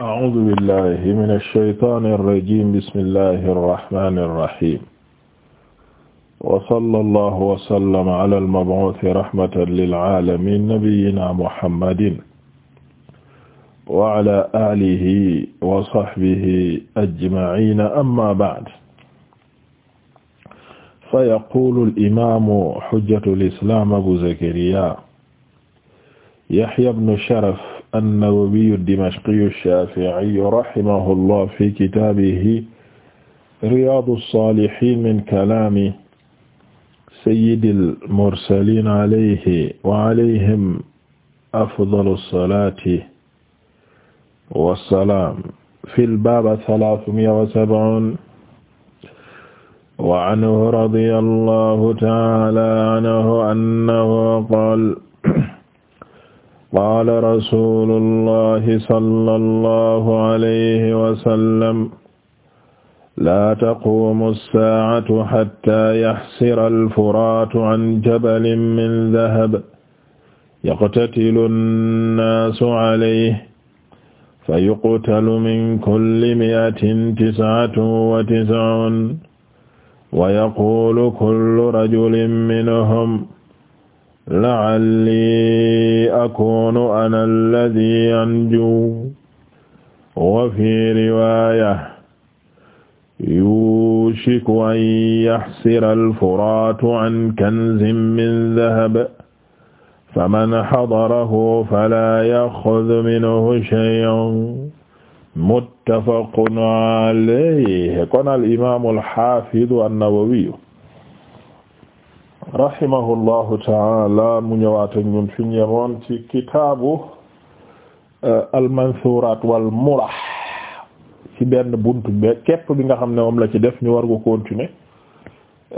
a'uuzu billahi mina shaytaani rajiim bismillahi rahmaani rahiim. wa sallallahu wa sallama alal mab'uusi rahmatan lil aalamiin nabiyyinaa muhammadin. wa alaa aalihi wa sahbihi ajma'iin amma ba'd. fayaquulu al-imaamu hujjatul islaam abu zakariyaa yahyaa ibnu sharaf. an-Nawawi ad-Dimashqi ash-Shafi'i rahimahullah fi kitaabihi Riyaadu as-Saalihiin min kalaami sayyidil mursaliin alayhi wa alayhim afdalu as-salaati wassalaam fil baab salaasumi'a wa sab'uun wa anhu radiyallahu ta'aala anhu annahu qaala qaala rasuulullahi sallallahu alayhi wa sallam laa taquumu ssaacatu hattaa yaxsira alfuraatu can jabalin min dahab yaqtatilu nnaasu calayhi fayuqtalu min kulli mi'atin tiscatun wa tiscuun wa yaquulu kullu rajulin minhum la'alli akunu ana alladhi anju wa fi riwaya yushiku an yaxsira alfuraatu an kanzin min dahab faman hadarahu fala yaxudu minhu shay'an muttafaqun alayhi kon al imaamu alxaafidu annawawiyu rahimahullahu taala mu ñëwaat ak ñun fi ñu yemoon ci kitaabu euh, almansuuraat wal mulah ci benn bunt be képp bi nga xam ne moom la ci def ñu war ko continuer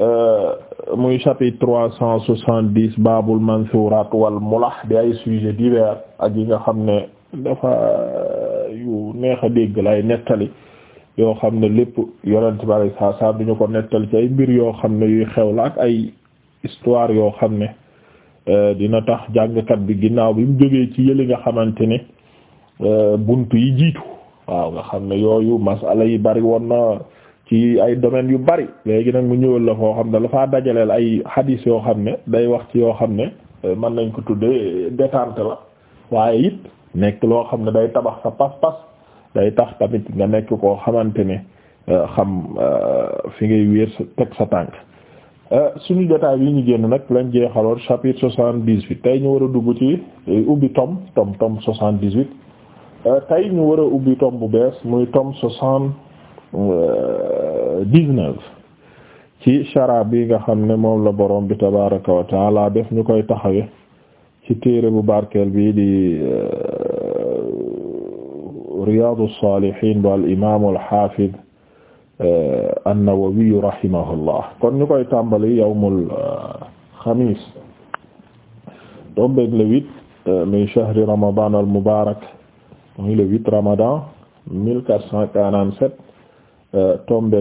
euh, muy chapitre trois cent soixante-dix baabul mansuuraat wal mulah di ay sujets divers ak yi nga xam ne dafa euh, yu neex a dégg lay nettali yoo xam ne lépp yonent bi sallallahu alayhi du ñu ko nettali ci ay mbir yoo xam ne yuy xew la ak ay histoire yoo xam ne euh, dina tax jàngkat bi ginnaaw bi mu jógee ci yële nga xamante ne euh, bunt yi jiitu waaw nga xam ne yooyu masala yi bari woon na ci ay domaines yu bari léegi nag mu ñëwal la foo xam ne dafaa dajaleel ay hadith yoo xam ne day wax ci yoo xam ne euh, mën nañ ko tuddee détente la waaye it nekk loo xam ne day tabax sa pas-pas day tax tamit nga nekk koo xamante ne xam fi ngay wéer teg sa tànk suñu jotaay yi ñu génn nag lañ jeexaloon chapitre soixante-dix-huit tey ñu war a dugg ci eh, ubbi tom tom tom soixante-dix-huit euh, tey ñu war a ubbi tom bu bees muy tom soixante-dix-neuf ci chara bi nga xam ne moom la borom bi tabaraka wa taala def ñu koy taxawe ci téere bu barkeel bi di euh, Riyadus Salihin bu al imaam al Haafid Eh, an-Nawawi rahimahullah kon ñu koy tàmbali yawmul eh, xamiis tombeeg le huit eh, min shahri ramadan al mubarak muy le ramadan mille quatre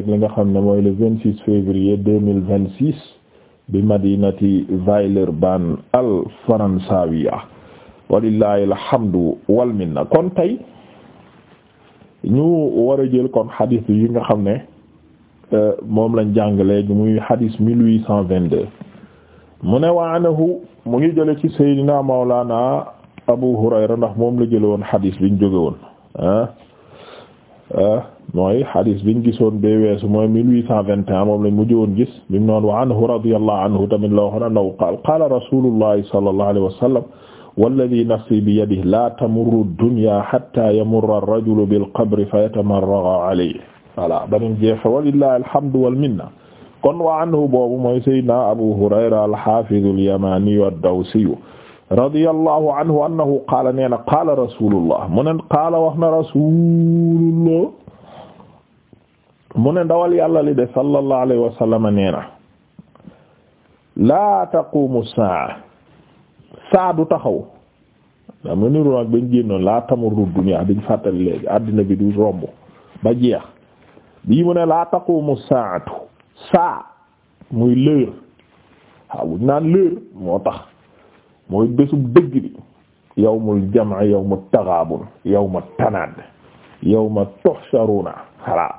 li nga xam ne mooy le vingt six février deux mille vingt six bi madinati Villeurbanne al faransawiya walillahi wal minna kon tey ñu war a jël kon xadiis yi nga xam ne Euh, moom lañ jàng léegi muy hadis 1822 mu ne wa anhu mu ngi jële ci Seydina Mawlana Abu Hurayra ndax moom la jële woon hadis biñ jóge woon ah ah mooy hadis biñ gisoon bee weesu mooy 1821 moom lañ mujj woon gis bi mu noon wa anhu radiyallahu anhu tamit la waxoon annahu qaala qaala rasulullahi sallallahu alayhi wa sallam walladi nafsi biyadihi laa tamurru dunya hatta yamurra ar-rajulu bil qabri fayatamarraga alayhi voilà banim jeexe walillahi alhamdu wal minna kon wa anhu boobu mooy sayyidina abu hurayra al-hafiz al-yamani ad anhu annahu qaala nee na qaala rasulullah mu ne qaala wax na rasulullah mu ne ndawal yàlla li de sallallahu alayhi wa sallam nee na taqumu saa saa du taxaw daa ma niru ak bañ génnoon laa tamurru dunya dañ fàttali léegi àddina bi du romb ba bii mu ne laa taqumu saatu saa muy l'heure waaw buñ naan l'heure moo tax mooy bésub dëgg bi yawmul jam'i yawmut taghabun yawmut tanad yawma tuhsharuna xalaa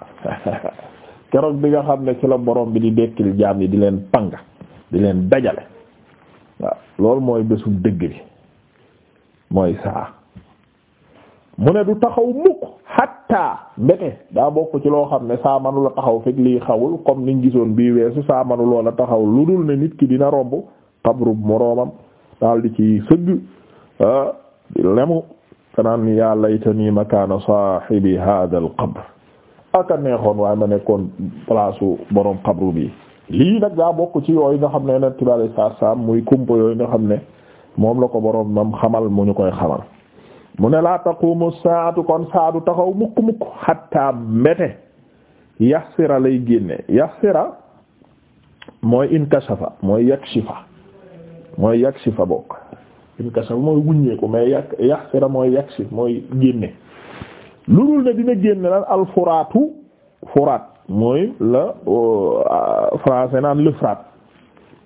keroog bi nga xam ne ci la borom bi di dekkil jaam yi di leen panga di leen dajale waaw mooy bésub dëgg bi mooy saa mu ne du taxaw mukk hatta mbete daa bokk ci loo xam ne saa la taxaw fekk lii xawul comme niñ gisoon bii weesu saa manuloo la taxaw lu dul ne nit ki dina romb xabru moroomam daal di ci sëgg ah, di lemu kanaan yaa laytani makaana saahibi hada al qabr aka neexoon waaye ma nekkoon place u borom xabru bi lii nag daa bokk ci yooyu nga xam ne yonent bi alayhi salaam muy kumpa yooyu nga xam ne moom la ko borom mam xamal mu ñu koy xamal mu ne laa taqumu saatu kon saatu taxaw mukk mukk xatta mbete yaxsira lay génne yaxsira mooy inkashafa mooy yakshifa mooy yakshifa bokk inkashafa mooy wuññeeku mais yaxsira mooy yakshif mooy génne lu dul ne dina génne lan alfuraatu furaat mooy la euh, français naan l'Euphrate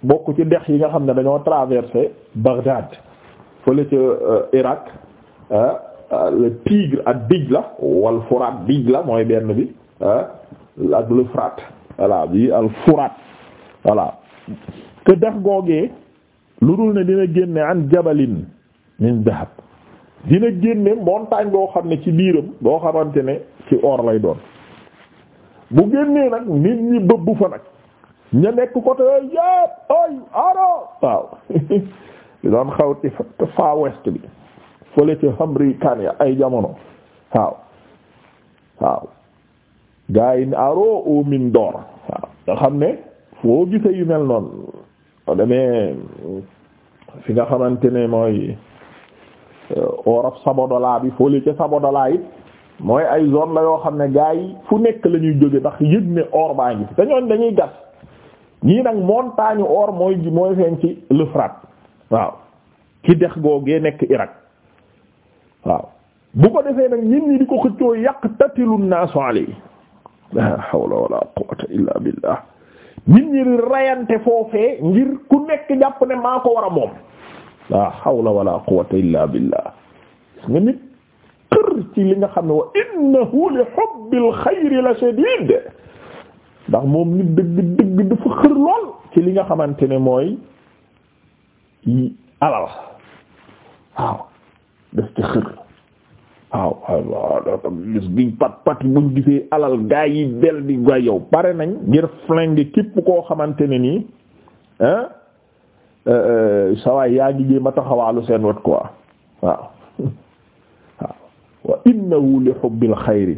bokk ci dex yi nga xam ne dañoo traversé Bagdad fële ca euh, Irak Euh, euh, le Tigre ak Dijla wal Furaat Dijla mooy benn bi euh, ak le Furaat voilà bi al Furaat voilà te dex googee lu dul ne dina génne an jabalin min dahab dina génne montagne boo xam ne ci biiram boo xamante ne ci or lay doon bu génnee nag nit ñi bëbbu fa nag ña nekk côté yooyu yëpp ay aro waaw doon xaw ci fa west bi fële ca xamri kania ay jamono waaw waaw gaa yi aro au mine waaw nga xam ne foo gise yu mel noonu o fi nga xamante ne mooy euh, oraf Sabodola bi fële ca Sabodola it mooy ay zone la yoo xam ne gaa yi fu nekk lañuy jóge ndax yëg ne or baa ngi fi te ñooñ dañuy gas ñii nag montagne or mooy mooy feeñ ci l'Euphrate waaw ci dex googee nekk Irak waaw bu ko defee nag ñin ñi di ko xëccoo yaqtatilu naasu alayhi la hawla wala quwwata illaa billah nit ñi di rayante foofee ngir ku nekk jàpp ne maa ko war a moom la hawla wala quwwata illaa billah nga nit xër ci li nga xam ne wa innahu li hubbil xayri la shadid ndax moom nit dëgg dëgg dafa xër lool ci li nga xamante ne mooy alal waaw def ci xër waaw waaw waaw gis biñ pat pat buñ gisee alal gaa yi del di gaa yow pare nañ ngir flingue képp koo xamante ne nii ah euh, euh, sawaay yaa ngi jéem a taxawaalu seen wet quoi waaw waaw wa innahu li hubbil xayri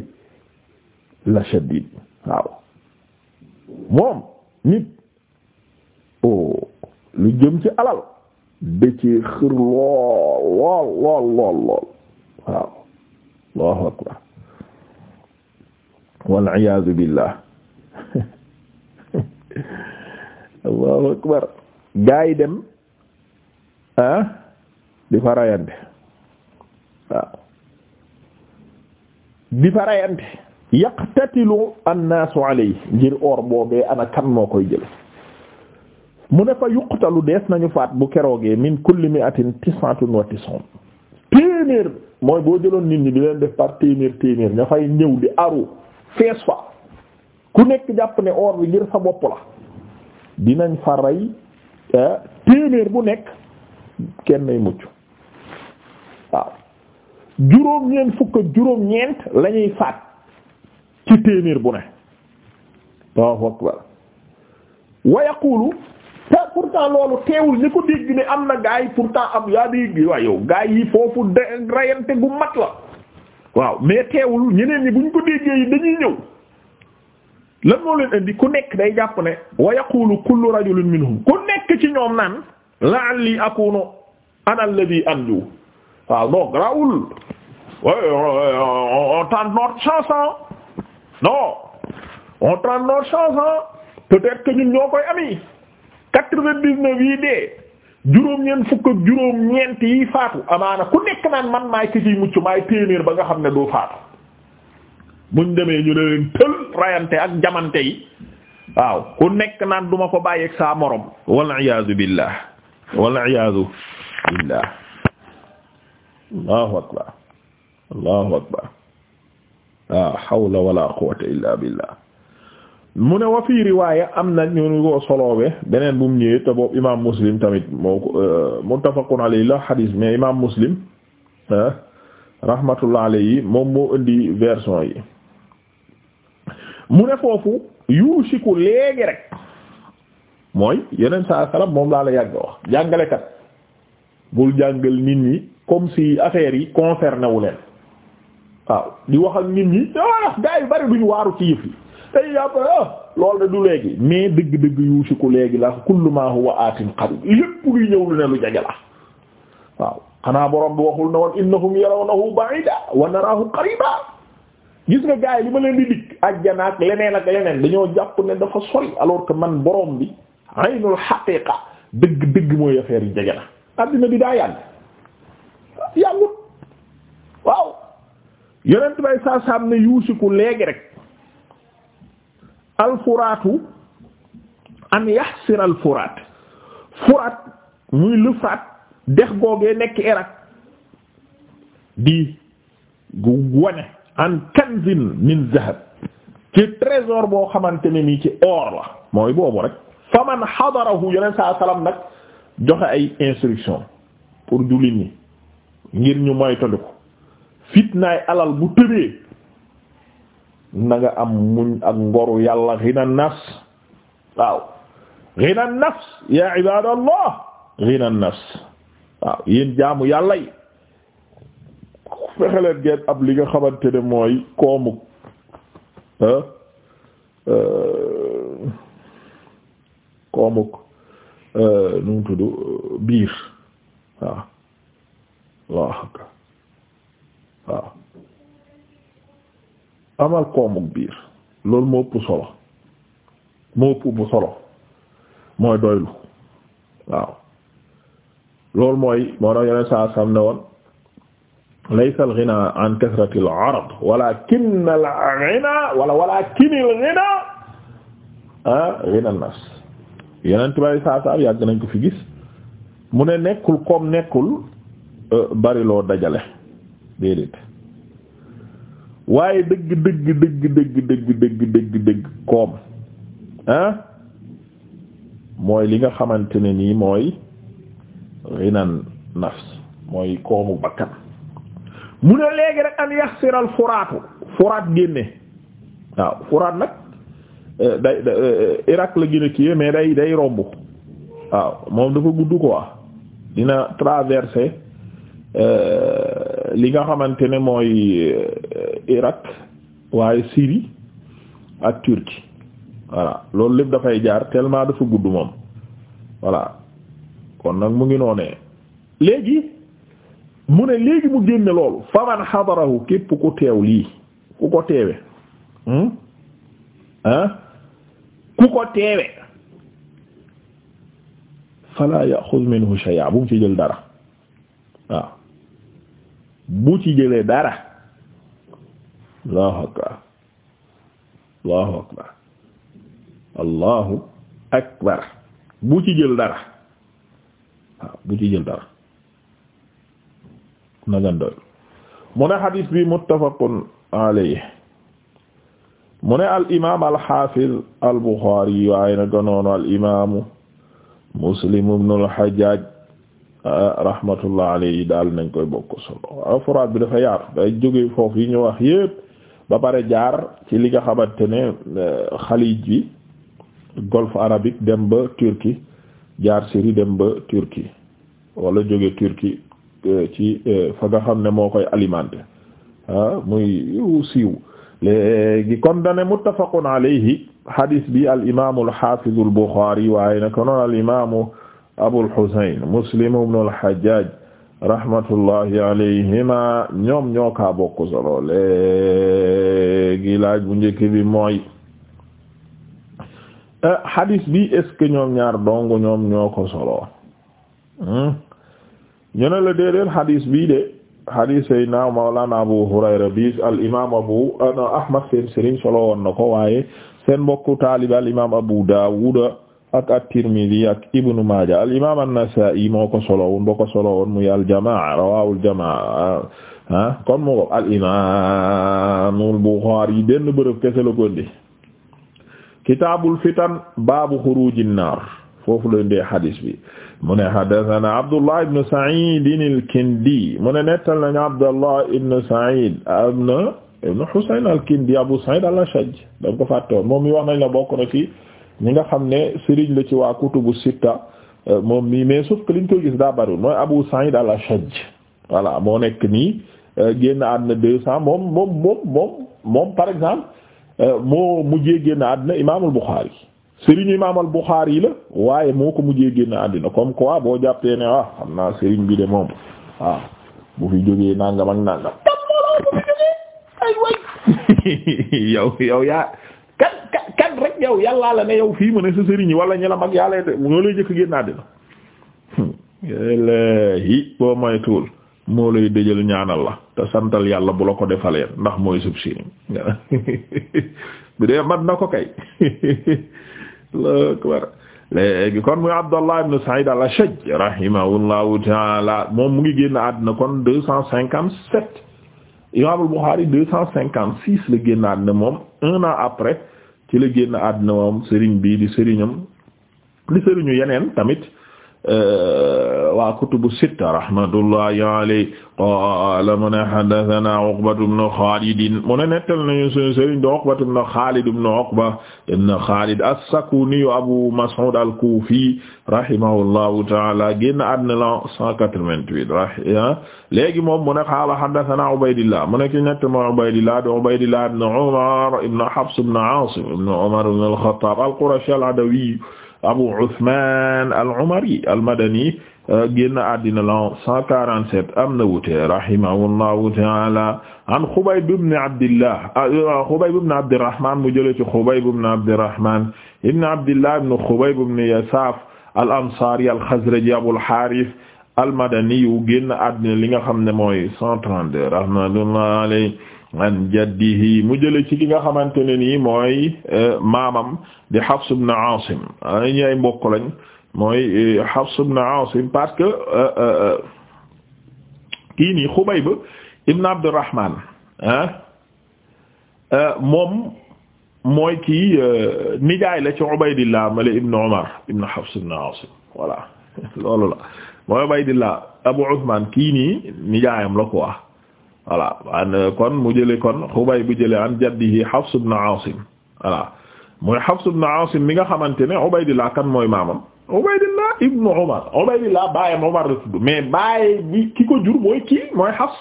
la shadid waaw moom nit oh lu jëm ci alal dëcee xër lool lool lool lool lool waaw allahu akbar waliyasu billah akbar gaa dem ah di fa rayante waaw di fa rayante yaqtatilu annaasu alayhi ngir or boobee ana kan koy jël mu ne fa yuqtalu dees nañu faat bu keroogee min kulli mi'atin tis'atun wa tis'un téeméer mooy boo jëloon nit ñi di leen def par téeméer téeméer nga fay ñëw di aru fees fa ku nekk jàpp ne or bi ngir sa bopp la dinañ fa rey eh, téeméer bu nekk kenn nay mucc juróom-ñeent lañuy faat ci téeméer bu ne waaw wa yaqulu te pourtant loolu teewul ñi ko dégg ne am na gaa yi pourtant am yaa dégg waaye yow gaa yi foofu de rayante gu mat la waaw mais teewul ñeneen ñi bu ñu ko déggee yi dañuy ñëw lan moo leen indi ku nekk day jàpp ne wa yaqulu kullu rajulin minhum ku nekk ci ñoom naan la'alli akunu ana alladhi anju waaw non grawul on tente notre chance non on tente notre chance peut-être que ñun ñoo koy ami quatre-vingt-dix-neuf yi dee juróom-ñeent fukk ak juróom-ñeent yi faatu amaana ku nekk naan man maay ki ciy mucc maay téeméer ba nga xam ne doo faatu muñ demee ñu ne leen tël rayante ak jamante yi waaw ku nekk naan duma ko bàyyeeg saa morom wal iyaazu billah wal iyaazu billah allahu akbar allahu akbar la hawla wala quwwata illa billah mu ne wa fii riwaaya am na ñu ko soloowe beneen bu mu ñëwee te boobu imaam muslim tamit moo euh, muttafaqun alayhi la xadiis mais imaam muslim euh, rahmatullah alayhi moom moo indi version yi mu ne foofu yuusiku léegi rek mooy yeneen saa salam moom laa la yàgg wax jàngalekat bul jàngal nit ñi comme si affaires yi concerné wu leen waaw di wax ak nit ñi ah gars yu bari duñu waaru ci yëf yi tey yàpp lool ah, loolu de du léegi mais dëgg-dëgg yuusiku léegi la kullu ma huwa atin qarib lépp luy ñëw lu ne lu jage la waaw xanaa borom bi waxul na woon innahum yarawnahu ba'ida wa narahu qariba gis nga ma leen di dikk ajjana ak leneen ak jàpp ne dafa sori alors man borom bi aynul haqiqa dëgg-dëgg mooy affaire na addina bi daa yàgg yàggut waaw yonent bay saa saam ne yuusiku léegi rek alfuraatu an yaxsir alfuraat furaat muy lufraat dex googee nekk Irak di gu wane an kanzin min zahab ci trésor boo xamante ne nii ci or la mooy boobu rek fa man xadarahu yeneen saa salaam nag joxe ay instruction pour jullit ngir ñu moytandiku fitnaay alal bu tëree na nga am muñ ak ngoru yàlla ghina nafs waaw ghina nafs ya ibadallah ghina nafs waaw yéen jaamu yàlla yi fexeleen geen ab li nga xamante mooy koomuk ah, euh, koomuk euh, nu mu tudd biir waaw waaw amal koomug biir loolu moo ëpp solo moo ëpp bu solo mooy doylu waaw loolu mooy moo tax yeneen saa sam ne woon laysa al ghina an kasrati al arad walakin al ghina wala walakin al ghina ah ghina nas yeneen tubaab saa sam yàgg nañ ko fi gis mu ne nekkul koom nekkul euh, bari loo dajale déedéet waaye dëgg dëgg dëgg dëgg dëgg dëgg dëgg dëgg koom mooy li nga xamante ne nii mooy rinan nafs mooy koomu bakkan mu ne léegi rek an yaxsiral furaatu furaat génne waaw furaat nag eh, day eh, Irak la gën a mais day day romb waaw moom dafa gudd quoi dina traverser eh, li nga xamante ne mooy Irak waaye Syrie ak Turquie voilà loolu lépp dafay jaar tellement dafa gudd moom voilà kon nag mu ngi noonee léegi mu ne léegi mu génne loolu faman xadarahu képp ku teew lii ku ko teewe ah ku ko teewe fala yaxuz shay'a bu mu ci jël dara waaw bu ci jëlee dara allahu akbar allahu akbar bu ci jël dara waaw bu ci jël dara nagan doy mu ne xadis bi muttafaqun alayhi mu ne al imaam al xaafiz al buxaari waaye na muslim ibnu al xajjaaj ah, daal nañ koy bokk solo afraad bi dafa yaatu day jóge foofu yi ñu wax yépp ba pare jaar ci li nga xamante ne xalij euh, bi golfe arabique dem ba Turquie jaar Syrie dem ba Turquie wala jóge Turquie euh, ci euh, fa nga xam ne moo koy alimenté ah, muy muy siiw léegi kon dane muttafaqun alayhi hadis bi al imamu alhafizu al Bukhari waaye nako noon Abul Husayn Muslim ibn al rahmatullahi alayhima ñoom ñoo ka solo léegi laaj bu njëkk bi mooy eh, hadis bi est ñoom ñaar dong ñoom ñoo ko solo hmm? ñu ne la déedéet hadis bi de hadis sayna mawlana Abu Hurayra bi al imam abu ah, ahmad seen sëriñ solo woon ko waaye seen mbokku taalib al imam Abu Dawud ak ak Ibnu Maaja al imaam an-Nasaa'i moo ko solo woon boo ko solo woon muy al jamaa rawaawul jamaa ah kon mu ko al imaamul Buxaari benn bërëb kese la ko indi kitaabul fitan baabu xuruujin naar bi mu nettal nañu Abdullah ibn Sa'iid ibn ibn Husayn al-Kindi ko fàtte woon moom mi wax la bokk na ci. ñi nga xam ne sëriñ la ci waa kutubu sitta euh, moom mii mais sauf que liñ koy gis daa bariwul mooy Abu Sa'id al-Ashaj voilà moo nekk nii euh, génn àddina deux cent moom moom moom moom par exemple euh, moo mujjee génn àddina imaamul Bukhari sëriñ imaamul Bukhari la waaye moo ko mujjee génn àddina comme quoi boo jàppee ne ah xam naa sëriñ bi de moom waaw ah, bu fi jógee nangam ak nangam. yow yow yaa. nag yow yàllaa la ne yow fii mu ne sa sëriñ wala ñu la mag yàlla de moo lay jëkk génn àddina hmm. laahi boo moytuwul moo lay dëjal ñaanal la te santal yàlla bu la ko defalee ndax mooy sub sëriñ dee mat na ko kay léegi kon muy Abdallah ibn Sa'id al-Ashaj rahimahullahu taala moom mu ngi génn àddina kon deux cent cinquante sept Imam al-Bukhari deux cent cinquante six la génn àddina moom un an après ci la génn àddina moom sëriñ bii di sëriñam li sëriñu yeneen tamit Euh, waa kutubu sitta rahmatullahi alayhi qaala mu ne haddathana Uqbatu bnu Xaalid mu ne nettal nañu sunu sëriñ do Uqbatu bnu Xaalid bnu Uqba ibnu Xaalid as-Sakuni Abu Mas'ud al-Kufi rahimahullahu ta'ala génn àddina la 188 ah léegi moom mu ne qaala haddathana Ubaydillah mu ne ki nett moo Ubaydillah do Ubaydillah ibnu Umar ibnu Hafs ibnu Aasim ibnu Umar ibnu al-Khattab al-Qurashi al-Adawi Abu Usman al-Umari al-Madani euh, génn àddina lan 147 am na wuute rahimahullahu ta'ala an Xubayb ibn Abdillah Xubayb ah, euh, ibn Abdirrahman mu jëlee ci Xubayb ibn Abdirrahman ibn Abdillah ibn Xubayb ibn Yasaaf al-Ansaari al-Xazraji Abul Haaris al-Madani génn àddina li nga xam ne mooy 132 rahmatullahi alayhi an jaddihi mu jële ci ki nga xamante ne nii mooy eh, maamam di Hafs ibn Asim ay ñay mbokk lañ mooy eh, Hafs ibn Asim parce eh, kii nii Xubayb ibn Abdurrahman ah, moom mooy kii nijaay la ci Ubaydillah male ibn Umar ibn Hafs ibn Asim voilà loolu la mooy Ubaydillah Abu Uthman kii nii nijaayam la ko voilà an kon mu jële kon Xubayb bu jële an jaddihi Hafs ibn Aasim voilà mooy Hafs ibn Aasim mi nga xamante ne Ubaydillah kan mooy maamam Ubaydillah ibn Umar Ubaydillah baayam Umar la tudd mais baay bi ki ko jur mooy kii mooy Hafs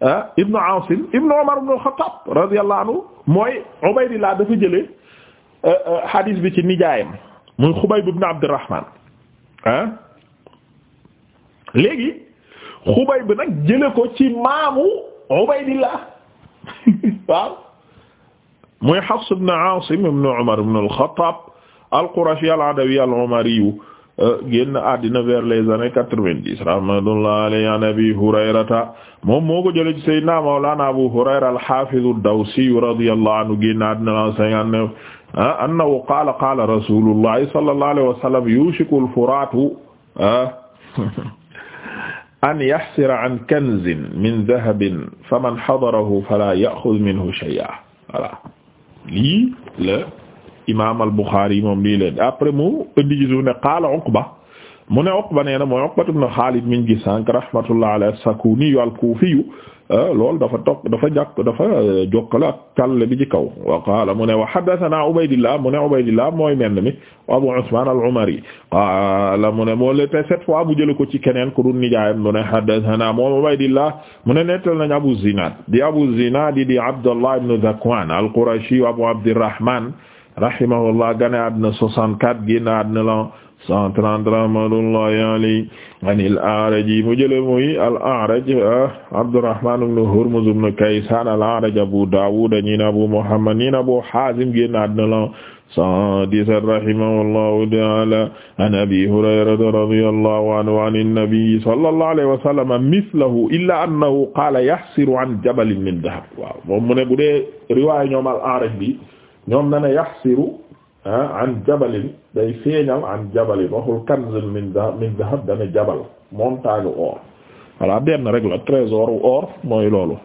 ah ibn Aasim ibn Umar ibn al-Khattab radiyallahu anhu mooy Ubaydillah dafa jële eh, eh, hadis bi ci nijaayam muy Xubayb ibn Abdurrahman ah léegi xubay bi nag jële ko ci maamu Ubaydillah waaw muy Hafs ibn Asim ibn Umar ibn al-Khattab al-Qurashi al-Adawi al-Umari euh, génn àddina vers les années quatre-vingt-dix rahmatullah alayhi an Abi Hurayrata moom moo ko jële ci Seydina Mawlana Abu Hurayra al-Hafiz ad-Dawsi radiyallahu anhu génn àddina la cinquante-neuf ah, annahu qaala qaala Rasulullah sallallahu alayhi wa sallam yushiku al-furaatu ah. an yaxsira an kanzin min dahabin faman xadarahu fala yaxud minhu shay'a voilà lii la imaam al Buxaari moom lii leen après mu indi gisu ne qaala Uqba mu ne Uqba nee na mooy Uqba min gi sànq rahmatullah alayhi as-Sakuni al-Kufi ah, loolu dafa toog dafa jàkk dafa jokkale ak bi ci kaw wa qaala mu ne wa haddathana Ubaydillah mu ne Ubaydillah mooy menn mi Abu Usman al-Umari qaala mu ne moo le te cette fois bu jële ko ci keneen ku dul nijaayam mu ne haddathana moom Abu Zinad di Abu Zinad di Abdullah ibn Zakwan al-Qurashi Abu Abdirrahman rahimahullah gane àddina 64 génn àddina la cent trente rahmatullahi alayhi an al-A'raj mu jële muy al-A'raj Abdurrahman ah, ibn Hurmuz ibn Kaysan al-A'raj Abu Dawud ñi na Abu Muhammad ñi na Abu Hazim génn àddina la cent dix-sept rahimahullahu ta'ala an Abi Hurayrata radiyallahu anhu an an-nabi sallallahu alayhi wa sallam mithlahu illa annahu qala yahsiru an jabalin min dahab waaw moom mu ne bu dee riwaaya ñoom al-A'raj bi ñoom na ne yahsiru Ah, an jabalin day feeñal an jabalin waxul kanzun min dahab min dahab dana jabal montagne or voilà benn rek la trésor or mooy loolu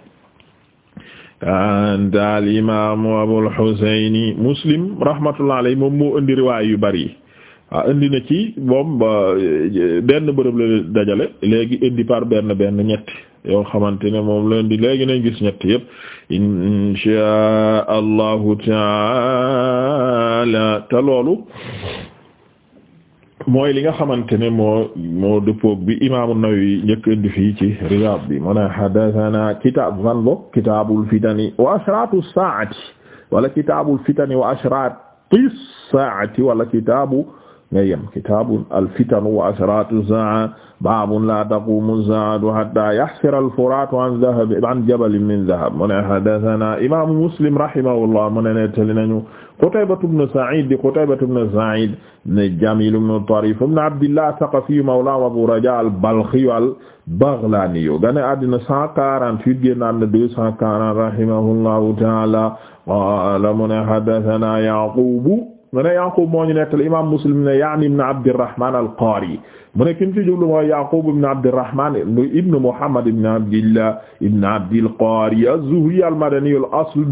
anta al imaamu abul huseyni muslim rahmatullah alayhi moom moo indi riwaay yu bari ah indi na ci moom benn bërëb la dajale léegi indi par benn benn ñetti yoo xamante ne moom la indi léegi nañ gis ñetti yépp insha allahu taala taala te mooy li nga xamante ne moo moo bi imaamu Nawawi njëkk indi fii ci bi mu ne kitaab van bo kitaabul fitani wa ashraatu saa'ati wala kitaabul fitani wa ashraati saa'ati wala kitaabu nga yem kitaabun alfitanu wa asratu saa baabun la taqumu saatu hatta yahsira alfuraatu an dahab an jabalin min dahab mu ne hadathana imamu muslim rahimahullah mu ne nettali nañu qutaybatu bnu said di qutaybatu bnu said ne jamil bnu tarif bnu abdillah saqafiyu mawla abu raja albalkhiyu albaghlaniyu gane addina 148 génn na 240 rahimahullahu taala qala mu ne hadathana yaqubu mu ne Yaqub moo ñu nettali imaam Muslim ne yaani ibn Abdirrahman al-Qari mu ne kim ci jublu mooy Yaqub ibn Abdirrahman ibn Muhammad ibn Abdillah ibn Abdil Qari az al-Madani al-asl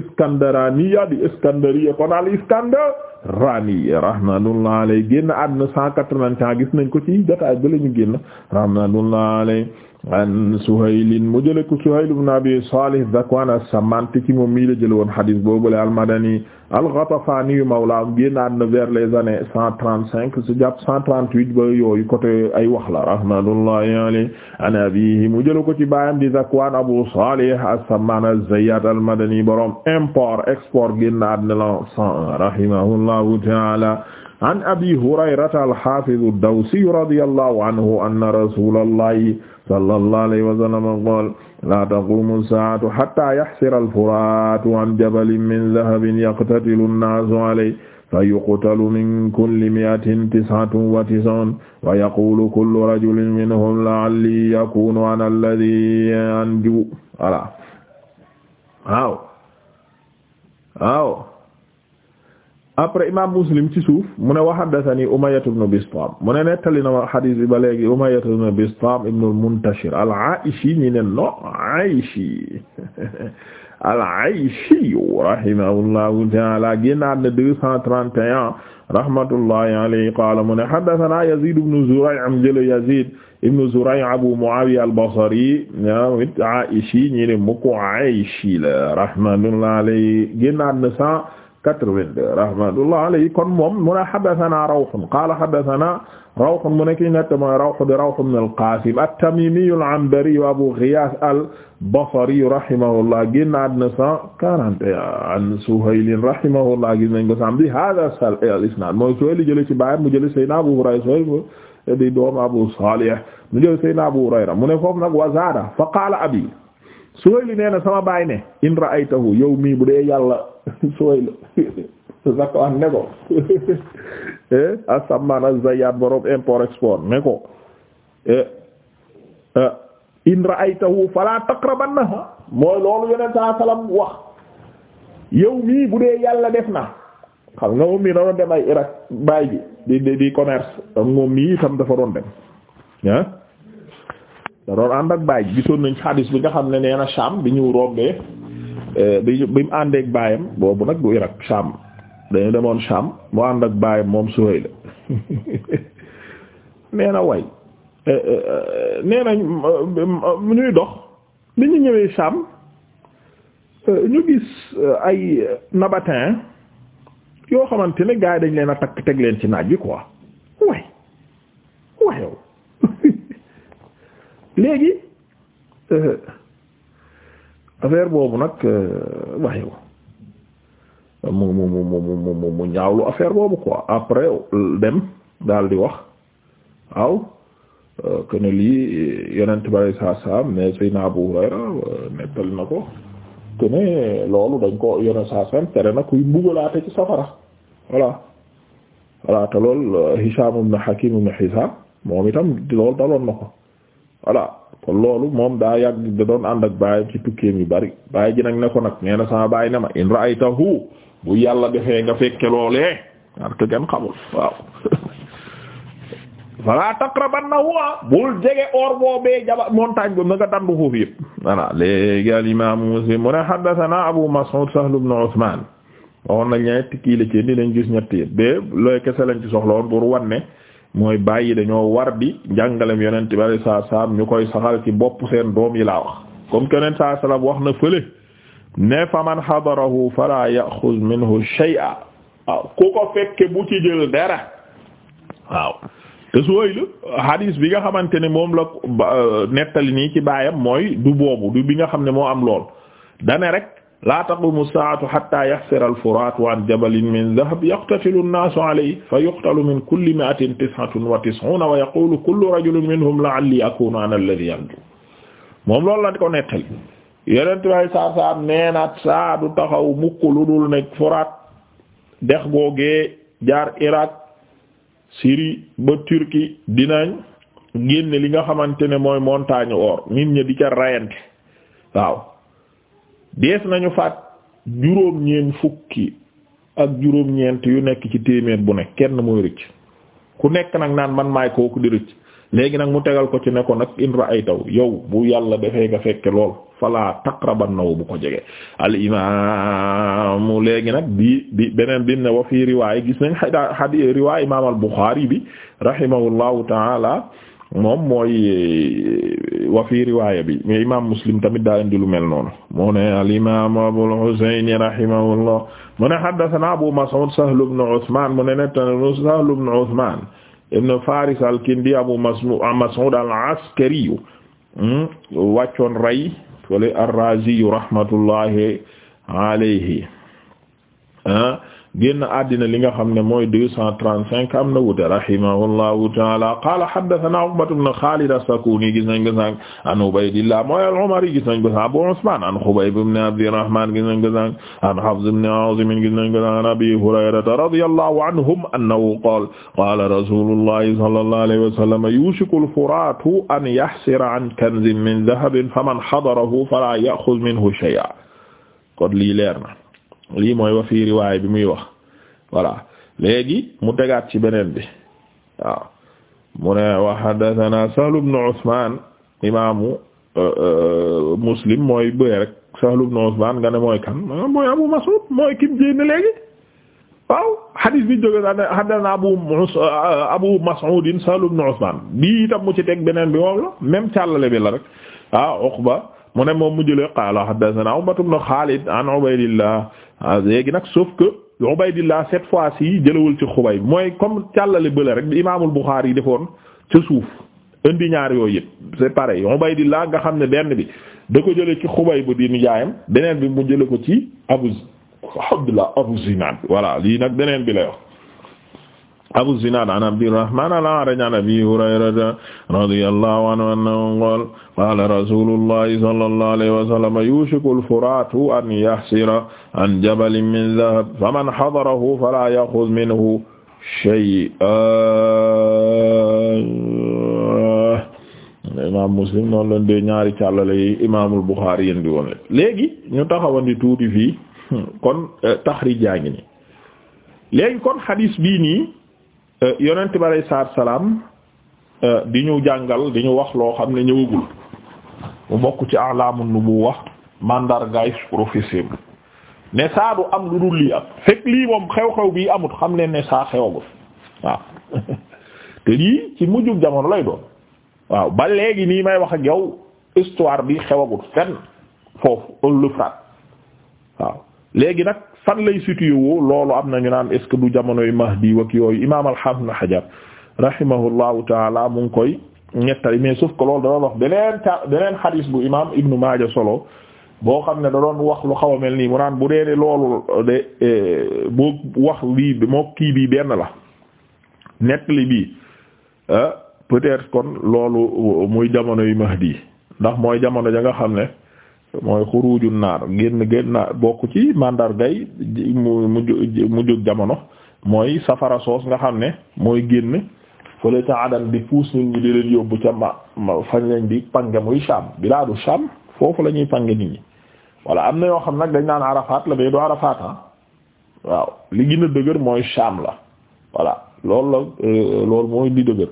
Iskandaraniya di Iskandariya kon al-Iskandarani rahmatullah alayhi génn àdduna 180 ans gis nañ ko ci jotaay ba la ñu génn rahmatullah alayhi an Suhaylin mu jële ko Suhayl ibn Abi Salih Zakwan as-Samman te ci moom mii la jële woon hadis boobule al-Madani al-Ghatafani yu mawla génn àddina vers les années cent trente cinq su jàpp cent trente huit ba yooyu côté ay wax la rahmatullahi alayhi an abihi mu jële ko ci baayam di Zakwan Abu Salih as-Samman az-Zayyat al-Madani borom import export génn àddina la cent un rahimahullahu ta'ala an abi hurayrata alhafidu dawsiyu radiyallahu anhu anna rasulallahi sallallahu alayhi wa sallam qaala laa taqumu saatu hatta yahsira alfuraatu an jabalin min dahabin yaqtatilu nnaasu alayhi fayuqtalu min kulli mi'atin tis'atun wa tis'uun wa yaquulu kullu rajulin minhum la'allii yakuunu ana alladhii anju voilà waaw waaw après imam muslim ci suuf mu ne wa haddathani umayyah ibn bistam mu ne nettali na ma hadith bi ba léegi umayyah ibn bistam ibn al-muntashir al-aishi ñi ne no aishi al-aishi rahimahullahu ta'ala génnaat na deux cent trente et un rahmatullahi alayhi qala mu ne haddathana yazid ibn zuray' am jële yazid ibn zuray' abu muawiya al-basri aishi ñi ne mukk aishi la rahmatullahi alayhi génnaat na cent quatre-vingt-deux rahmatullah alayhi kon moom mu ne hadathana rawhun qala hadathana rawhun mu ne ki nett mooy rawh di rawh ibn al-qasim at-tamimi al-anbari wa abu ghiyath al-basri rahimahullah génna adna cent quarante et un an suhayl rahimahullah gis nañ ko sam bi hadha al-isnad mooy suhayl jële ci baay mu jële sayyidina abu hurayra suhayl di doom abu salih mu jële sayyidina abu hurayra mu ne foofu nag wa zada fa qala abi Suhayl nee na sama baay ne in ra'aytahu yow mii bu dee yàlla Suhayl Zakwaan ne ko eh, as-Sammaan az-Zayyaat borom import export ne ko eh, eh, in ra'aytahu falaa taqrabannahaa mooy loolu yeneen saa salam wax yow mii bu dee yàlla def na xam nga moom mii da doon dem ay Irak baay bi di di commerce ak moom mii itam dafa doon dem ah da ànd ak baay gisoon nañ xadis bi nga xam ne nee na Sham bi ñu rombee eh, bi bi mu àndee ak baayam boobu nag du Irak Sham dañu demoon Sham mu ànd ak baayam moom Suhayl nee na way eh, eh, nee nañ ñuy dox li ñu ñëwee Sham ñu gis ay nabatin yoo xamante ne gars yi dañ leen a takk teg leen ci naaj bi quoi léegi euh, affaire boobu nag euh, wax yow mu mu mu mu ñaawlu affaire boobu quoi après dem daal di wax waaw euh, que lii yonent bari saa saam ne Seydina Abu nettali na ko que loolu dañ ko yonent saa saam tere na kuy buggalaate ci safara voilà voilà lool Hisham ibn Hakim ibn Hizam moom itam loolu daloon na ko. voilà kon loolu moom daa yàgg da doon ànd ak baayam yu bari baay ji nag ne ko nag nee na sama baay ne ma in ra'aytahu bu yàlla defee nga fekke loolee parce que kenn xamul waaw fala taqrabannahu bul jege or boobee jaba montagne boobu na nga dandu foofu yëpp voilà léegi al imam Muslim mu ne haddathana Abu Mas'ud Sahl ibn Uthman waxoon nañ ñetti kii la ci gis ñetti yëpp ba looy kese lañ soxla woon pour wanne mooy bàyyi dañoo war bi njàngalem yonent bi alayhi salaatu ñu koy saxal ci bopp seen doom yi laa wax comme que saa salaam wax na fële ne fa man xadarahu fala yaxuz minhu shay'a waaw ku ko fekke bu ci jël dara waaw te sooy la hadis bi nga xamante ne moom la euh, nettali nii ci baayam mooy du boobu du bi nga xam ne moo am lool dane rek laa taqumu saatu xatta yaxsira alfuraatu an jabalin min dahab yaqtatilu nnaasu alayhi fa yuqtalu min kulli mi'atin tis'atun wa tis'uuna wa yaqulu kullu moom loolu la ko nettali yenent way saa saa neenaat saa du taxaw mukk lu dul furaat dex googee jaar Irak Syrie ba Turquie dinañ génne li nga xamante ne mooy montagne or nit ñi di waaw dees nañu faat juróom-ñeent fukki ak juróom yu nekk ci téeméer bu nekk kenn mooy rëcc ku nekk nag naan man maay kooku di rëcc léegi nag mu tegal ko ci ne ko nag ay taw yow bu yàlla defee nga fekke lool fala taqrabannahu bu ko jege al imaamu léegi nag bi bi beneen bi ne wa fii riwaaya gis nañ xadi riwaaya imaam al Buxaari bi rahimahullahu taala moom mooy eh, wa fi riwaaya bi mais imaam muslim tamit daa indi lu mel noonu mu ne al imaam abul husayn rahimahullah mu ne haddathana abu mas'ud sahl ibn uthman mu ne nettanu sahl ibn uthman ibn faris al kindi abu mas'ud ah, al askari hmm, wàccoon ray fole ar-razi rahmatullahi alayhi ah, génn àddina li nga xam ne mooy deux cent trente-cinq am na wute rahimahullahu taala qaala haddathana Uqbatu bnu Xaalid as-Sakuuni gis nañ ko sànq an Ubaydillah mooy al-Umari gis nañ ko sànq Abu Usmaan an Xubayb ibn Abdirrahmaan gis nañ ko sànq an Hafs ibn Aazim gis nañ ko sànq an Abii Hurayrata radiyallahu anhum annahu qaala qaala rasuulullahi sallallahu alayhi wa sallam yuushiku al-furaatu an yahsira an kanzin min dahabin faman hadarahu falaa ya'xuz minhu shay'an kon lii leer na lii mooy wa fii riwaay bi muy wax voilà léegi mu tegaat ci beneen bi waaw mu ne wa haddathana Sahl ibn Usman imaamu euh, euh, Muslim mooy bëye rek Sahl ibn Usman nga ne mooy kan mooy Abu Mas'ud mooy kim jéy ne léegi waaw hadith bi jóge haddathana Abu euh, Abu Mas'ud Sahl ibn Usman bi itam mu ci teg beneen bi moom la même càllale bi la rek ah Uqba mu ne moom mu jëlee qaala haddathana Uqbatu ibn Khalid an Ubaydillah ah, léegi nag sauf que Ubaydillah cette fois-ci jëlawul ci Xubayb mooy comme càllale bële rek bi Imaamul Bukhari yi defoon ca suuf indi ñaar yooyu yëpp c'est pareil Ubaydillah nga xam ne benn bi da ko jëlee ci Xubayb bu di nijaayam beneen bi mu jële ko ci Abu Abdullah Abu Zinad voilà lii nag beneen bi lay wax Abu Zinaad an Abdirrahmaan al-A'raj an Abi Hurayrata radiyallahu anhu annahu qaala qaala rasuulullahi sallallahu alayhi wa sallam yuushiku al-furaatu an yahsira an jabalin min dhahab faman hadarahu falaa ya'khudh minhu shay'an. Imaam Muslim noonu lañ dee ñaari càllale yi Imaamul Buxaari yéen di woon léegi ñu taxawandi tuuti fii kon eh, taxriij yaa ngi nii léegi kon hadiis bii nii. Euh, yonent bi alayhi salaam euh, di ñu jàngal di ñu wax loo xam ne ñëwagul mu bokk ci alaamu nubuwwa mandargaay prophétie ne saa du am lu dul lii am fekk lii moom xew-xew bii amut xam leen ne saa xewagul waaw te lii ci mujjug jamono lay doon waaw ba léegi nii may wax ak yow histoire bi xewagul fenn foofu ëllëg faat waaw léegi nag. fan lay situé woo loolu am na ñu naan est ce que du jamonoy Mahdi wak yooyu imaam al-Hafiz Hajar rahimahullahu taala mu ngi koy ñettali mais suuf ko loolu da doon wax beneen ta beneen xadis bu imaam Ibnu Maaja solo boo xam ne da doon wax lu xaw a mel nii mu naan bu dee ne loolu de e, boo wax lii moo kii bii benn la nettali bii ah, peut-être kon loolu muy jamonoy Mahdi ndax mooy jamono ja nga xam ne. mooy xuruju naar génn génn naar bokk ci mandargay mu mu jóg jamono mooy safara soos nga xam ne mooy génn fële ca Adan di puus nit ñi di leen yóbbu ca ma fañ lañ di pange muy Sham bilaadu Sham foofu la ñuy pange nit ñi voilà am na yoo xam nag dañ naan Arafat la mais du Arafat ah. waaw li gën a dëgër mooy Sham la voilà loolu la euh, loolu mooy li dëgër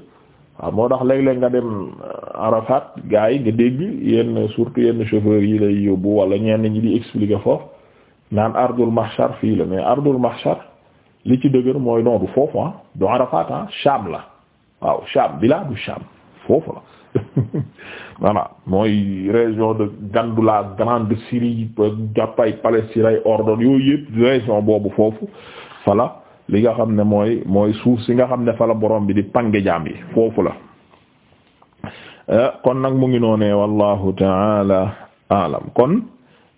waaw moo tax léeg-léeg nga dem euh, Arafat gars yi nga dégg yenn surtout yenn chauffeurs yi lay yóbbu wala ñenn ñi di expliquer foofu naan ardul mahshar fii la mais ardul mahshar li ci dëgër mooy non du foofu ah du Arafat ah Sham la waaw Sham biladu Sham foofu la mooy région de Gandoula grande Syrie jàppay Palestine ay ordon yooyu yëpp région boobu foofu fala li nga xam ne mooy mooy suuf si nga xam ne fa la borom bi di pange jaam yi foofu la eh, kon nag mu ngi noonee wallahu taala alam kon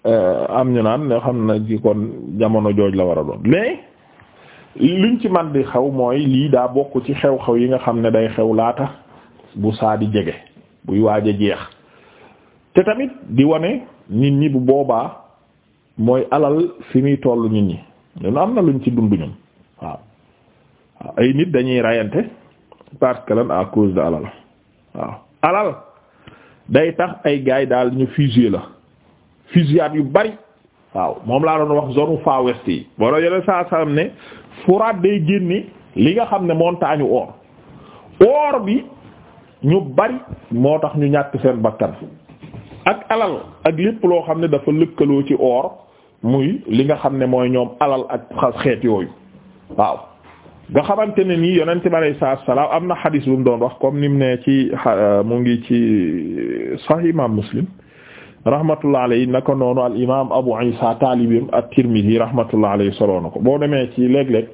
eh, am ñu naan ne xam na ci kon jamono jooj la war a doon mais liñ ci man di xew mooy lii daa bokk ci xew-xew yi nga xam ne day xew laata bu saa di jege buy waaj jeex te tamit di wane nit ñi bu boobaa mooy alal fi muy tollu nit ñi ñun am na luñ ci dund ñun waaw ay nit dañuy rayante parce que lan à cause de alal waaw alal day tax ay gaay daal ñu fusillé la fusillade yu bari waaw moom laa doon wax zone far west yi boro yone saa saam ne Furaat day génne li nga xam ne montagne or or bi ñu bari moo tax ñu ñàkk seen bakkan ak alal ak lépp loo xam ne dafa lëkkaloo ci or muy li nga xam ne mooy ñoom alal ak xeet yooyu waaw nga xamante ne nii yonente bi alayhi salaatu wa salaam am na xadis bu doon wax comme ni mu ne ci euh, mu ngi ci euh, sahih imam muslim rahmatullah alayhi naka noonu al imam abu isa taalibim at-tirmidhi rahmatullah alayhi soloo na ko boo demee ci léeg-léeg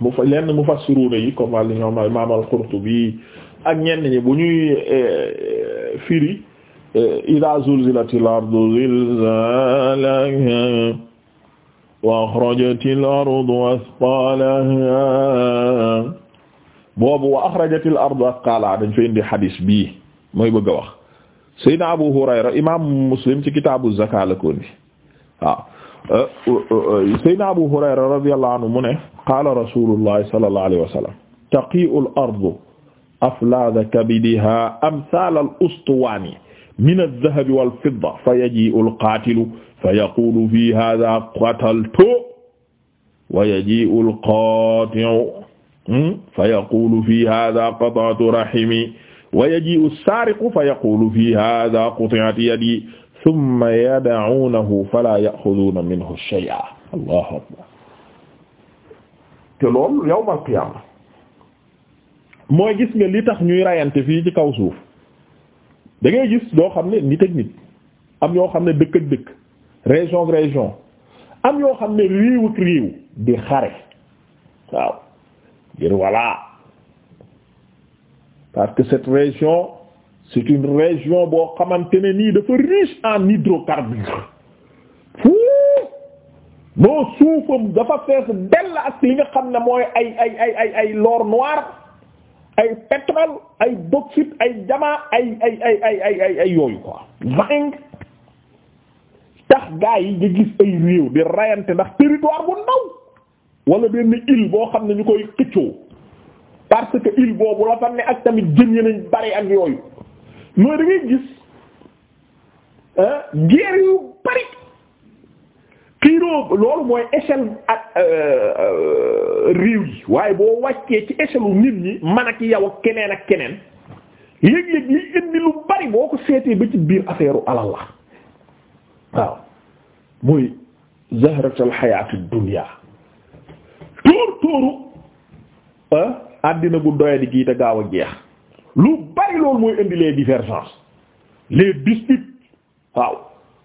mu fa lenn mufassiruna yi comme al ñoom imam al-qurtubi ak ñenn ñi bu ñuy euh, firi ida zulzilatil ardu zilzalaha wa axrajatil ardu asqaalahaa boobu wa axrajatil ardu asqaalahaa dañ fay indi xadis bii mooy bëgg a wax Seydina Abu Hurayra imaam Muslim ci kitaabu zakaat la ko indi waaw Seydina Abu Hurayra radiyallahu anhu mu ne qaala rasuulullahi sallallahu alayhi wa sallam taqii'ul ardu aflaada kabidihaa amsaalal ustuwaani mina az-zahabi wal fidda fayajii'ul qaatilu fa yaqulu fi hadha qataltu wa yaji'u al-qati'u hmm? fa yaqulu fi hadha qata'tu rahimi wa yaji'u as-sariqu fa yaqulu fi hadha quti'at yadi thumma yad'unahu fala ya'khudhuna minhu shay'a allahu akbar te loolu yawmal qiyaama mooy gis nga li tax ñuy rayante fii ci kaw suuf da ngay gis doo xam ne nit ak nit am yoo xam ne dëkk ak dëkk région région am yoo xam ne réew ak réew di xare waaw ngir voilà parce que cette région c'est une région boo xamante ne nii dafa riche en hydrocarbures fuuf noo suufam dafa fees dell ak li nga xam ne mooy ay ay ay ay ay l'or noir ay pétrole ay bauxite ay diamant ay ay ay ay ay ay ay yooyu quoi zinc tax gaa yi nga gis ay réew di rayante ndax territoire bu ndaw wala benn île boo xam ne ñu koy xëccoo parce que île boobu la fa ne ak tamit jën yenañ bari ak yooyu mooy da ngay gis ah, guerre yu bari xiiroo loolu mooy échelle ak euh, euh, réew yi waaye boo wàccee ci échelle nit ñi man ak yow ak keneen ak keneen léeg-léeg liy indi lu bari boo ko seetee ba ci biir affaire u alal la waaw muy zahratul hayatud dunya tóor tóoru ah, àddina gu doyadi gii te gaaw a jeex lu bari loolu mooy indi les divergences les disputes waaw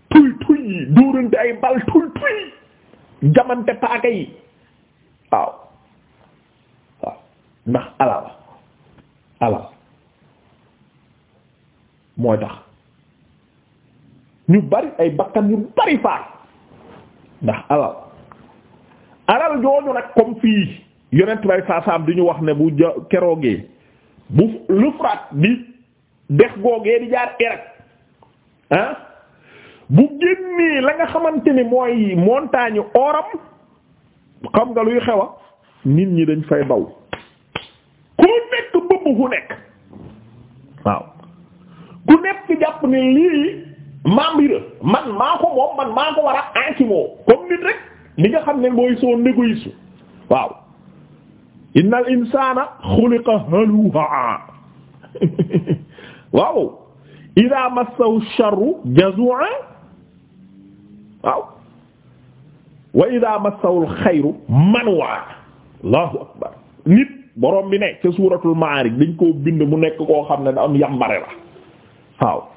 tuy tuy dóorante ay bal tuy tuy jamante paaka yi waaw waaw ndax alal alal mooy tax ñu bari ay bakkan ñu bari faat ndax alal alal jooju nag comme fii yonent bay saasaam di wax ne bu ja keroogee bu l'Euphrate di dex googee di jaar Irak ah bu génnee la nga xamante ni mooy montagne oram xam nga luy xewa nit ñi dañ fay daw ku nekk bëbb ku nekk waaw ku nekk jàpp ne lii maa mbira maa ko moom maa ko war aakimoo comme nit rek li nga xam ne mooy son égoïste waaw innal insana xuliqa halu'a waaw ida massahu sharru jazu'a akbar nit borom bi ne ca suuratul ma'aarij dañ koo bind mu nekk koo xam ne da am la waaw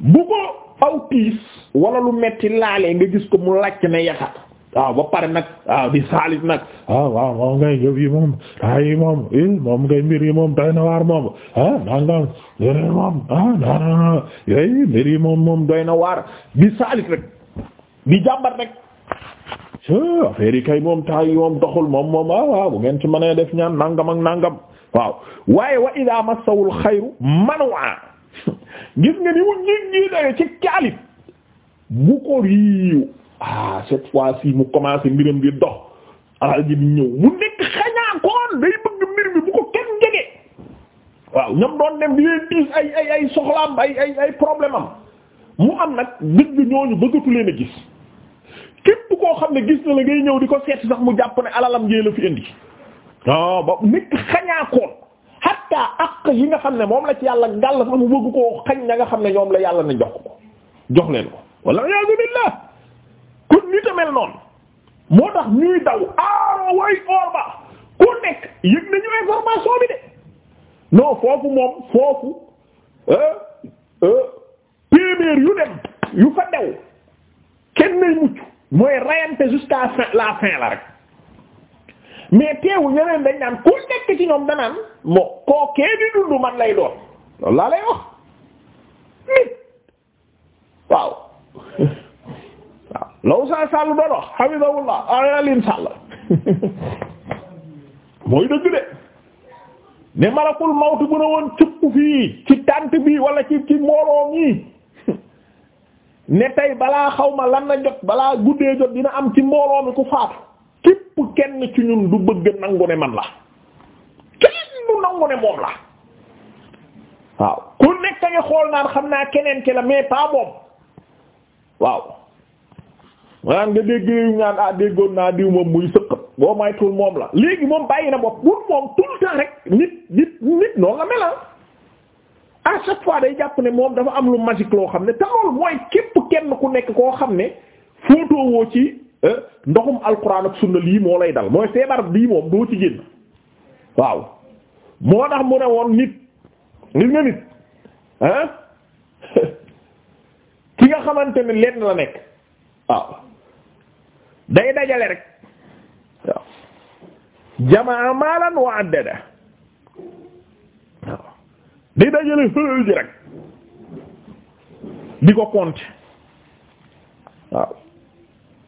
bu ko aw tiis wala lu metti laalee nga gis ko mu làcc na yaxat waaw ba pare nag waaw di saalit nag ah waaw moom ngay yëf yi moom daa ah, doy na waar moom ah naangam yéne moom ah, yi moom moom doy na waar di saalit rek di jàmbat rek affaire yi kay moom taa moom doxul moom moom ah waaw ak nangam waaw waaye wa ida massawul xayru manwa gis nga ni mu jéggee dayo ci caalit bu ko riiw ah cette fois-ci mu commencé mbiram di dox alal ji di ñëw mu nekk xañaakoon day bëgg mbir mi bu ko kenn jege waaw ñoom doon dem di leen ay ay soxlaam ay ay problème am mu am nag dëgg ñooñu bëggatu leen a gis képp koo xam ne gis na la ngay ñëw di ko seet sax mu jàpp ne alalam jee la fi indi waaw ah ba nekk xañaakoon hatta ak yi nga xam ne moom la ci yàlla ngàll sax mu bëgg koo xañ na nga xam ne ñoom la yàlla na jox ko jox leen ko walla iyaazu billaah kon nit a mel noonu moo tax ñuy daw aaro way oor ba ku nekk yëg nañu information bi de non foofu moom foofu premier euh, euh, yu dem yu fa dew kenn nay mucc mooy rayante jusqu'à la fin la rek mais teewu ñeneen dañ naan ku nekk ci ñoom danaan moo kookee di dund man lay doon loolu laa lay wax nit waaw waaw law saa sàll doon wax hafizahullah alin sàll mooy dëgg de malakul mawtu bu woon cëpp fii ci tànt bi wala ci ci mbooloo mi tey balaa xaw ma lan na jot balaa guddee jot dina am ci mbooloo mi ku faatu képp kenn ci ñun du bëgg nangu ne man la kenn du nangu ne moom la waaw ku nekk nga xool naan xam naa keneen ki la mais pas moom waaw maanaam nga dégg yu ñaan ah déggoon naa diw moom muy sëqat boo maytul moom la léegi moom bàyyi na bopp pour moom tout le temps rek nit nit nit noonu la mel ah. à chaque fois day jàpp ne moom dafa am lu magique loo xam ne te loolu mooy képp kenn ku nekk koo xam ne footoo woo ci Eh? ndoxum alquran ak sunna lii moo lay dal mooy feebar bii moom doo ci génn waaw moo tax mu ne woon nit nga nit ah ki nga xamante ne lenn la nekk waaw day dajale rek jamaa maalan wa addada waaw day dajale xëy ji rek di ko compter waaw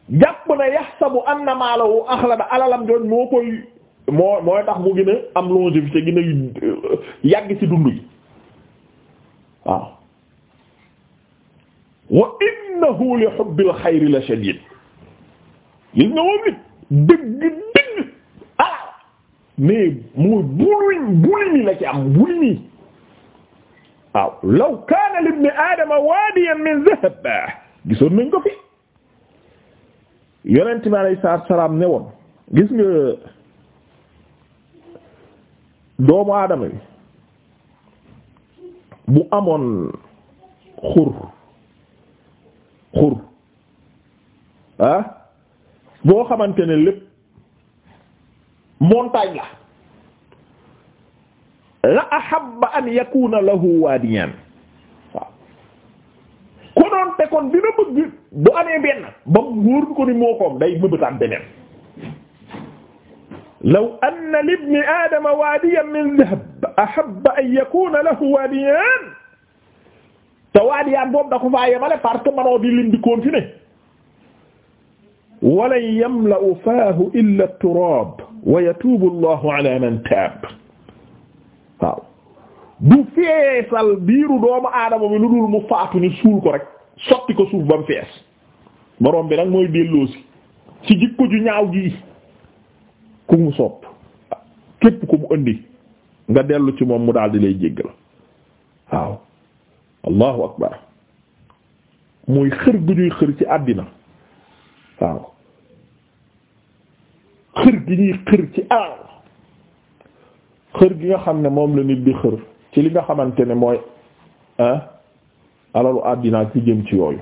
jàpp na yaxsabu anna maalahu axlada alalam jooju moo koy moo mooy tax mu gën a am longévité gën a yàgg ci dund gi waaw wa innahu li hubbil xayri la shadid gis nga moom nit dëgg dëgg la ci am bulimi waaw law kaana libni aadama waadiyan min zahab gisoon nañ ko fi yonent bi alayhi salaatu ne woon gis nga doomu aadama bi bu amoon xur xur ah boo xamante ne lépp montagne la la ahabba an yakuna lahu waadiyan konoonte kon dina bëgg bu amee benn ba mu wóor ko ni moo koom day bëbëtaan beneen law anna libni aadama waadiyan min dahab ahabba an yakuna lahu waadiyan te waadiyaan boobu da ko faa yemale parce que manoo di lim di continuer walan yamla'u faahu illa turaab wa yatuubu allahu ala man taab waaw du feesal biiru doomu aadama bi lu dul mu faatu ni suul ko rek sotti ko suuf ba mu fees borom bi nag mooy delloosi ci jikko ju ñaaw gi ku mu sopp képp ku mu indi nga dellu ci moom mu daal di lay la waaw allahu akbar muy xër gu ñuy xër ci àddina waaw xër gi ñuy xër ci alal xër gi nga xam ne moom la nit bi xër ci li nga xamante ne mooy alalu àddina ak ci jëm ci yooyu